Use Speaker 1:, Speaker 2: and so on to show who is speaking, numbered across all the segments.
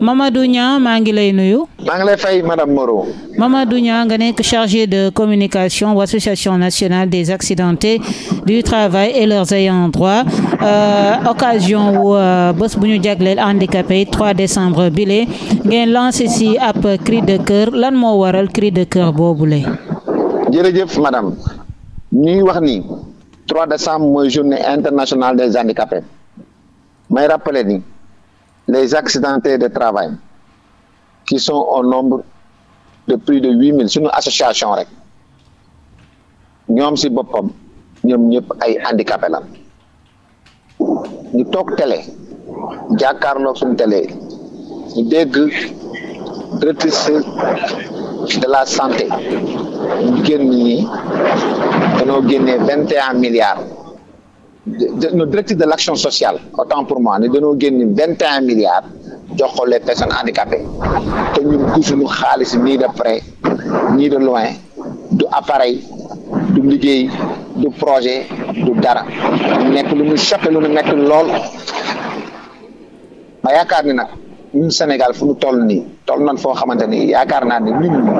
Speaker 1: Mamadou Niang maa ngi lay nuyu.
Speaker 2: maa ngi lay fay madame Moreau.
Speaker 1: Mamadou Niang nga nekk chargé de communication bu association nationale des accidentés du travail et leurs ayants droit euh, occasion wu euh, bés bu ñu jagleel handicapé 3 décembre bi lee ngeen lancé si ab cri de cœur lan moo waral cris de cœur boobule.
Speaker 2: jërëjëf madame ñuy wax ni 3 décembre mooy journée internationale des handicapés may rappelé les accidentés de travail qui sont au nombre de plus de huit mille suñu association rek ñoom si boppam ñoom ñëpp ay handicapé la ñu toog télé jàkkaarloog suñu télé ñu dégg directrice de la santé ñu génn nii danoo génnee vingt et milliards nos directrices de l'action sociale autant pour moi ne dañoo génn vingt et un milliards jox ko les te ñun gisuñu xaalis nii de près nii de loin du appareil du liggéey du projet du dara nekk lu mu choqué lu ñu lool ma yaakaar ni nag ñun Sénégal fu ñu toll nii toll nañ foo xamante ni yaakaar naa ne nit ñi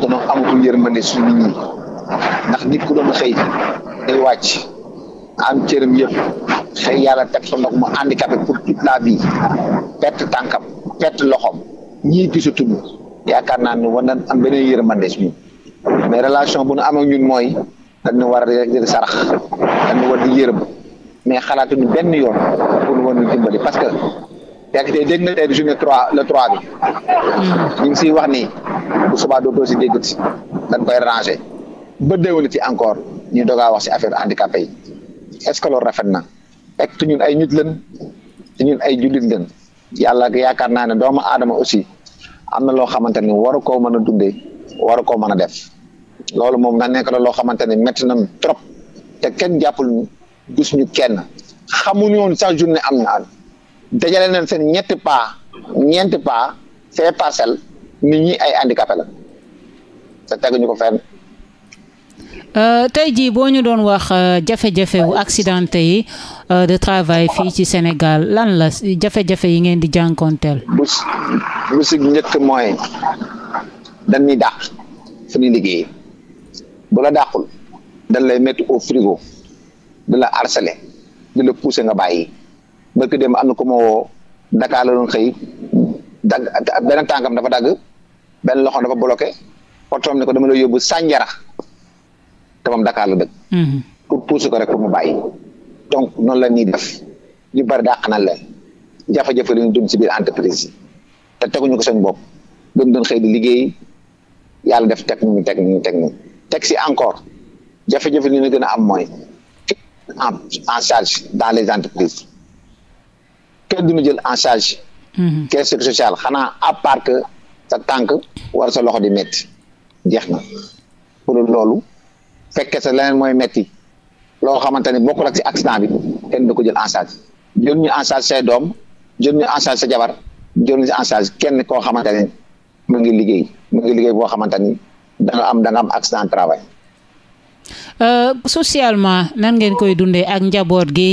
Speaker 2: dañoo amatul yërmande suñu nit ñi ndax nit ku doon xëy day wàcc. am cërëm yëpp xëy yàlla teg ko ndox mu handicapé pour toute la vie perte tànkam perte loxom ñii gisatuñu yaakaar naa ne war nañ am beneen yërmande si ñun mais relation bu nu am ak ñun mooy dañu war a di sarax dañu war di yërëm mais xalaatuñu benn yoon pour war ñu dimbali parce que tey dégg na tey journée trois le trois bi hmm. ñu ngi siy wax ni bu subaa dootoo si déggut si dañ koy rangé ba déwén ci encore ñu dogaa wax si affaire handicapé yi est-ce que loolu rafet na fekk ñun ay nit lañ te ñun ay julit lañ yàlla yaakaar naa ne doomu aadama aussi am na loo xamante ni waru koo mën a dundee waru koo mën a def loolu moom na nekk la loo xamante ni métti nañ trop te kenn jàppul gis ñu kenn xamuñu woon sax journée am na dajale nañ seen ñetti pa ñeenti paa fee parcelle nit ñi ay handicapé la te teguñu ko fenn.
Speaker 1: Euh, tey jii boo ñu doon wax euh, jafe-jafe wu accidenté yi euh, de travail fii ci Sénégal lan la jafe-jafe yi ngeen di jànkoonteel
Speaker 2: bu si njëkk mooy dañuy dàq suñuy liggéey bu la dàqul dañ lay mettre au frigo di la harceler di nga bàyyi bëkk dem am na ko ma woo Dakar la doon xëy dagg benn tànkam dafa dagg benn loxoom dafa bloqué otoom ne ko dama la yóbbu sànjara te moom Dakar la dëkk. Mhm. pour pousser ko rek pour mu bàyyi. donc noonu la ñuy def ñu bari dàq na leen jafe-jafe la ñu dund si biir entreprise te teguñu ko seen bopp doon doon xëy liggéey yàlla def teg ñu teg teg si encore jafe-jafe li ñu gën a am mooy en en charge dans les entreprises kenn duñu jël en charge. Mhm. caisse sociale xanaa à part que sa tànk war sa loxo di métti na pour loolu. fekkee sa leneen mooy metti loo xamante ni bokkul ak si accident bi kenn du ko jël en charge jël ñu en charge doom jël ñu en charge sa jabar jël ñu en charge kenn koo xamante ni mu ngi liggéey boo xamante ni da am da nga am accident travail.
Speaker 1: Uh, socialement nan ngeen koy dundee ak njaboot gi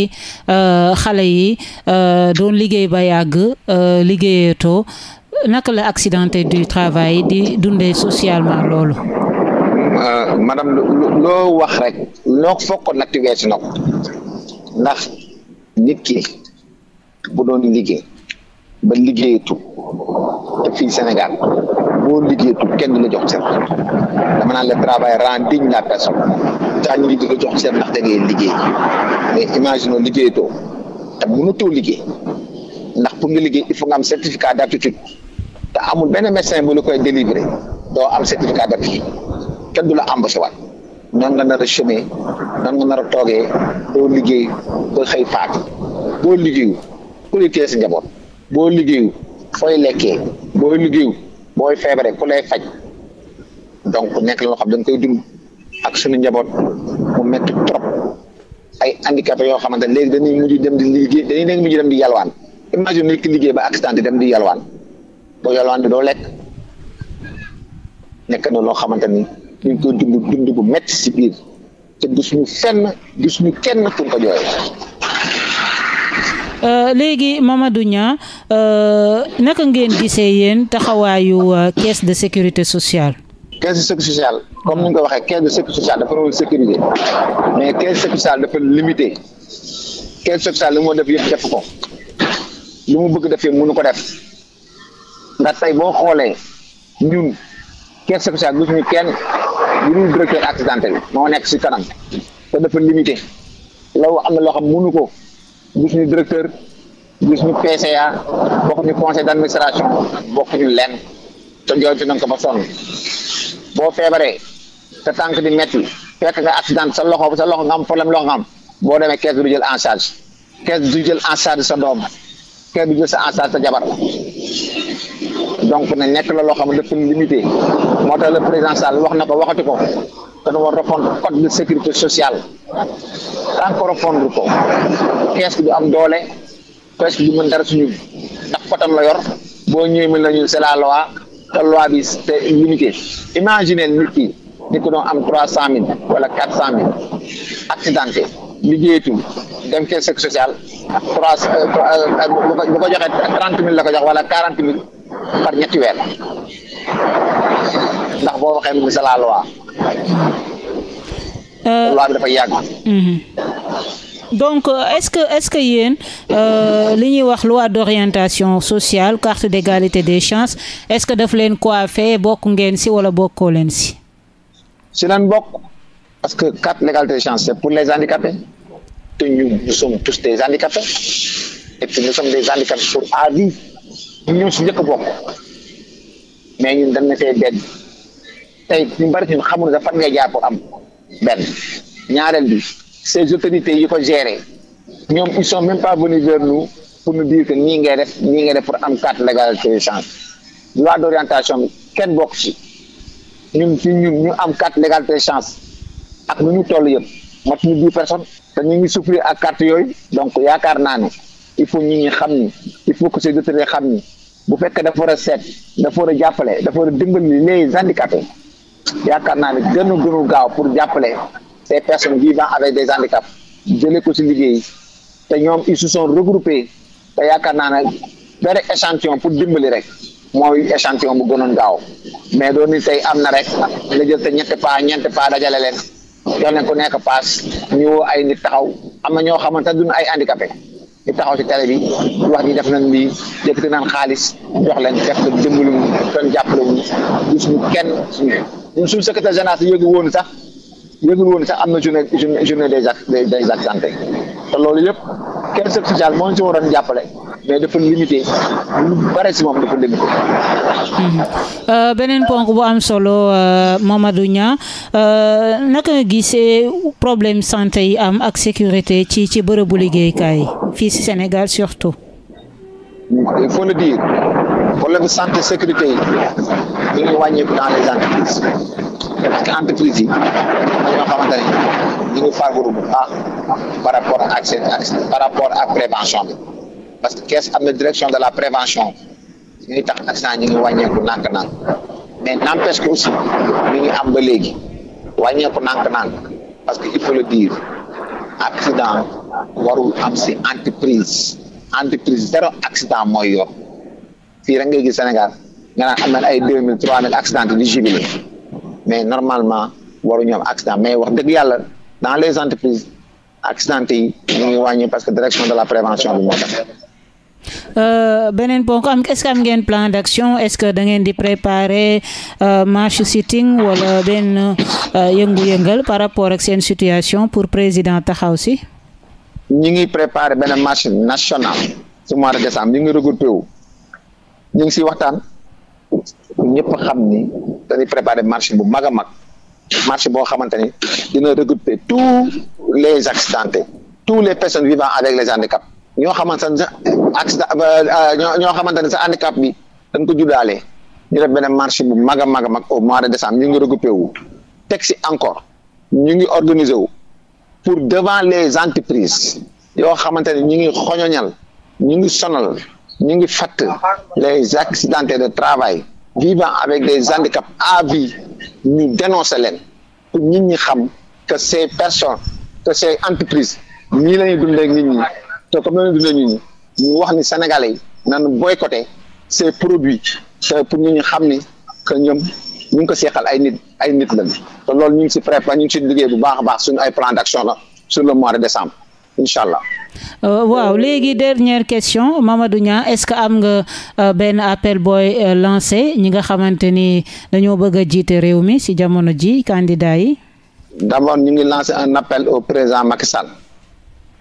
Speaker 1: euh, xale yi uh, doon liggéey ba yàgg euh, liggéeyatoo naka la accidenté du travail di dundee socialement loolu.
Speaker 2: Euh, madame loo wax rek noo fokkoon nag ti weesu na ndax nit ki bu doon liggéey ba liggéeyatu te fii Sénégal boo liggéeyatu kenn du la jox seen dama naan le travail rend digne la personne daa ñu di la jox seen ndax liggéey mais imaginons liggéeyatoo te mënutoo liggéey ndax pour nga liggéey il faut am certificat d' aptitude te amul benn médecin bu la koy délivrer doo am certificat d' aptitude kenn du la embauché waat nan nga nar a chômer nan nga nar a toogee doo liggéey ba xëy faatu boo liggéeyu ku lay téye njaboot boo liggéeyu fooy lekkee boo liggéeyu booy feebaree ku lay faj donc nekk na loo xam dañ koy dund ak sunu njaboot mu metti trop ay handicapé yoo xamante léegi dañuy mujj dem di dañuy léegi mujj di yalwaan imagine nekk liggéey ba accident di dem di yalwaan boo yalwaan bi doo lekk nekk na loo xamante ni ñu ngi koy dund bu metti si biir te gisuñu gisuñu kenn fu ko jooyee.
Speaker 1: Euh, léegi Mamadou Niang uh, naka ngeen gisee yéen taxawaayu uh, caisse sécurité sociale.
Speaker 2: caisse de sécurité sociale comme ko waxee caisse de sécurité sociale dafa mais caisse de sécurité sociale dafa limité mu def yëpp def ko li mu bëgg defee mënu ko def ndax tey boo xoolee ñun caisse sociale gisuñu kenn. lu dul directeur accidenté moo nekk si kanam te dafa limité loolu am na loo xam mënu ko gis ñu directeur gis ñu PCA ko ñu conseil d'administration bokk ñu lenn te jooytu nañ ko ba sonn boo feebaree te tànk di metti fekk nga accident sa loxo sa loxo nga am problème loxo nga am boo demee kees du jël enchage charge du jël en charge sa doom kees du jël sa en charge sa jabar donc na nekk la loo xam ne dafa limité moo tax le président Sall wax na ko waxati ko dañu war refondre code de sécurité sociale tant que ko kees bi du am doole kees bi du mën dara suñu ndax potam la yor boo ñëwee mën nañu c'est la loi te loi bi c'est limité imaginez nit ki ni ko doon am trois cent mille wala quatre cent mille accidenté liggéeyatul dem kees sociale trois bu euh, euh, ko joxee trente mille la ko jox wala quarante mille par ñetti weer ndax boo waxee mu sa la loi euh,
Speaker 1: mhm. donc euh, est-ce que est-ce que yéen euh, li ñuy wax loi d'orientation sociale carte d'égalité des chances est-ce que daf leen coiffé bokk ngeen si wala bokkoo leen si
Speaker 2: si leen bokk parce que carte d'égalité des chances c'est pour les handicapés te ñu nous sommes tous des handicapés et puis nous des handicapés pour à ñu ñëw si njëkk a bokk mais ñun dañ na see benn ñu bari ñun xamul ne fan ngay jaar pour am benn ñaareel bi ces autorités yi ko gérer ñoom ils sont même pas venus vers pour nous dire que nii ngay def nii ngay def pour am carte d'égalité des chances loi d'orientation bi kenn bokk si ñun ci ñun ñu am carte d'égalité chance ak nu ñu toll yëpp mat ñu dix personnes te ñu ngi souffrir ak carte yooyu donc yaakaar naa ne il faut ñi ñi xam ni il faut que ces autorités xam ni bu fekkee dafa war a seet dafa war a jàppale dafa war a dimbali les handicapés yaakaar naa ne gënu gënu gaaw pour jàppale ces personnes vivant avec des handicaps jëlee ko si liggéey te ñoom ils se sont te yaakaar naa ne benn échantillon pour dimbali rek mooy échantillon bu gënoon gaaw mais doon ni tey am na rek nga jël te ñetti paa ñeenti paa dajale leen jox leen ku nekk paas ñu woo ay nit taxaw am na ñoo xamante duñ ay handicapé di taxaw ci télé bi wax ni def nañ bi yëkkati naan xaalis jox leen def ko dimbaluñ doon jàppalewuñ gis ñu kenn suñu ñun suñu secrétaire général si yëgul woon sax yëgul woon sax am na journée journée des actes des actes santé te loolu yëpp kenn secrétaire moo ñu si waroon jàppale mais dafa limité lu moom dafa limité. Mhm.
Speaker 1: Euh, beneen ponk bu am solo euh, Mamadou Niang euh, naka nga gisee problème santé yi am ak sécurité ci ci bërëbu liggéeykaay yi fii si Sénégal surtout.
Speaker 2: il faut le dire problème santé sécurité yi dañuy wàññeeku dans les entreprises par rapport ak prévention parce que kees am na direction de la prévention ñuy tax accident ñu ngi wàññeeku nànk-nànk mais n'empêche que aussi ngi am ba léegi wàññeeku nànk-nànk parce que il faut le dire accident warul am si entreprise entreprise zéro accident mooy yor fii rek ngay gis Sénégal nga naan am na ay deux mille trois mille accident di jubilé mais normalement waru ñoom accident mais wax dëgg yàlla dans les entreprises accidenté yi ñu ngi wàññi parce que direction de la prévention bi moo tax
Speaker 1: Euh, beneen ponk am est-ce que am ngeen plan d'action est-ce que dangeen ngeen di préparer euh, marche sitting wala benn euh, yëngu-yëngal par rapport ak seen situation pour président taxaw si.
Speaker 2: ñu ngi préparer benn marche national ci mois de décembre ñu ngi regroupé wu ñu ngi si waxtaan ñëpp xam ni dañuy préparer marche bu mag a mag marché boo xamante ni dina regrouper tous les accidentés tous les personnes vivant avec les handicaps. ñoo xamante ne sa accident euh, ñoo xamante ne sa handicap bi dañ ko juddaale ñu def beneen marché bu mag a mag a mag au mois de décembre ñu ngi regroupé wu teg si encore ñu ngi organiser wu pour devant les entreprises yoo xamante ne ñu ngi xoñoñal ñu ngi sonal ñu ngi fatt les accidentés de travail vivant avec des handicaps à vie ñu dénoncer leen pour nit ñi xam que ces personnes que ces entreprises nii la ñuy dundee nit ñi te comme noonu dundee nit ñu wax ni sénégalais yi nan boycotté ces produits te pour ñu ñu xam ni que ñoom ñu ngi ko seexal ay nit ay nit lañ loolu ñu ngi si prépa ñu ngi si liggéey bu baax a baax suñu ay plan d' action la sur le mois de décembre incha allah.
Speaker 1: Euh, waaw léegi dernière question Mamadou est-ce que am nga euh, benn appel booy euh, lancé ñi nga xamante ni dañoo bëgg a jiite réew mi ci jamono ji candidat
Speaker 2: yi. d'abord ñu ngi lancé un appel au président Macky Sall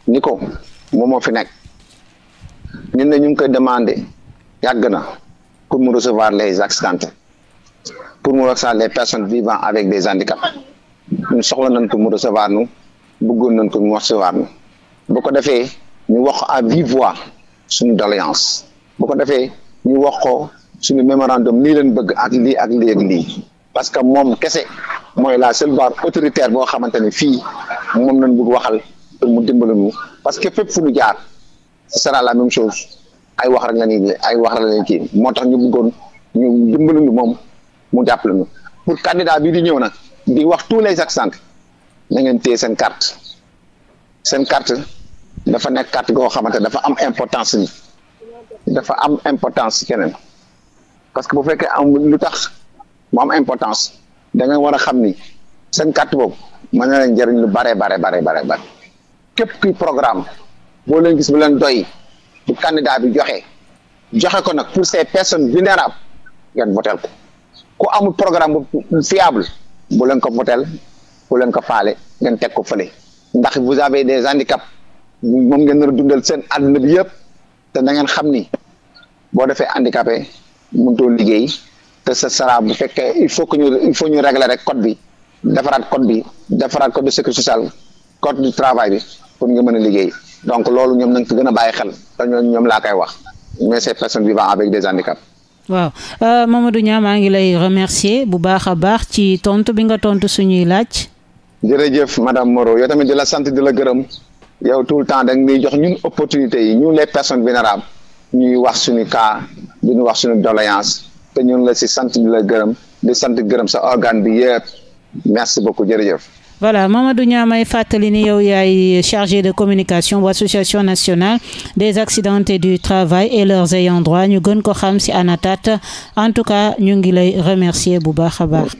Speaker 2: ni ko moom moo fi nekk ñun ne ñu ngi koy demandé yàgg na pour mu recevoir les accidentés pour mu recevoir les personnes vivant avec des handicaps ñu soxla nañ ko mu recevoir nu bëggoon nañ ko mu recevoir nu bu ko defee mu wax à vive voix suñu doléance bu ko defee ñu wax ko suñu mémorandum lii leen bëgg ak lii ak lii parce que moom kese mooy la seule autoritaire boo xamante ne fii moom lañ bëgg waxal pour mu dimbali ñu parce que fépp fu ñu jaar ce sera la même chose ay wax rek la ay wax rek la ñuy kii moo tax ñu bëggoon ñu dimbali nu moom mu jàppale ñu pour candidat bi di ñëw nag di wax tous les accents na ngeen téye seen carte seen carte dafa nekk carte goo xamante dafa am importance ni dafa am importance ci keneen parce que bu fekkee am lu tax mu am importance da nga war a xam ni seen carte boobu mën na leen jëriñ lu bare bare bare bare bare képp kuy programme boo leen gis bu leen doy bu candidat bi joxe joxe ko nag pour ces personnes vulnérables ngeen votel ko ku amul programme bu fiable bu ko votel bu ko faale ngeen teg ko fële ndax vous avez des handicaps moom ngeen nar a dundal seen àdduna bi yëpp te na ngeen xam ni boo defee handicapé mënutoo liggéey te ce sera bu fekkee il faut que ñu il faut ñu régler rek code bi defaraat code bi defaraat code de sécurité sociale code du travail bi pour nga mën a liggéey donc loolu ñoom nañ ci gën a bàyyi xel te ñooñu ñoom laa koy wax mais ces personnes vivant avec des handicaps.
Speaker 1: waaw euh, Mamadou Niang maa ngi lay remercier bu baax a baax ci tontu bi nga tontu suñuy
Speaker 2: laaj. jërëjëf madame moro yow tamit di la sant di la gërëm yow tout le temps da ngay jox ñun opportunité yi ñun les personnes vulnérables ñuy wax suñu cas di ñu wax suñu doléance te ñun la si sant di la gërëm di sant gërëm sa organe bi yëpp merci beaucoup jërëjëf.
Speaker 1: voilà Mamadou Niang may fàttali ni yow yaay chargé de communication bu association nationale des accidentés du travail et leurs ayants droit ñu gën ko xam ci ANATAT en tout cas ñu ngi lay remercier bu baax a baax.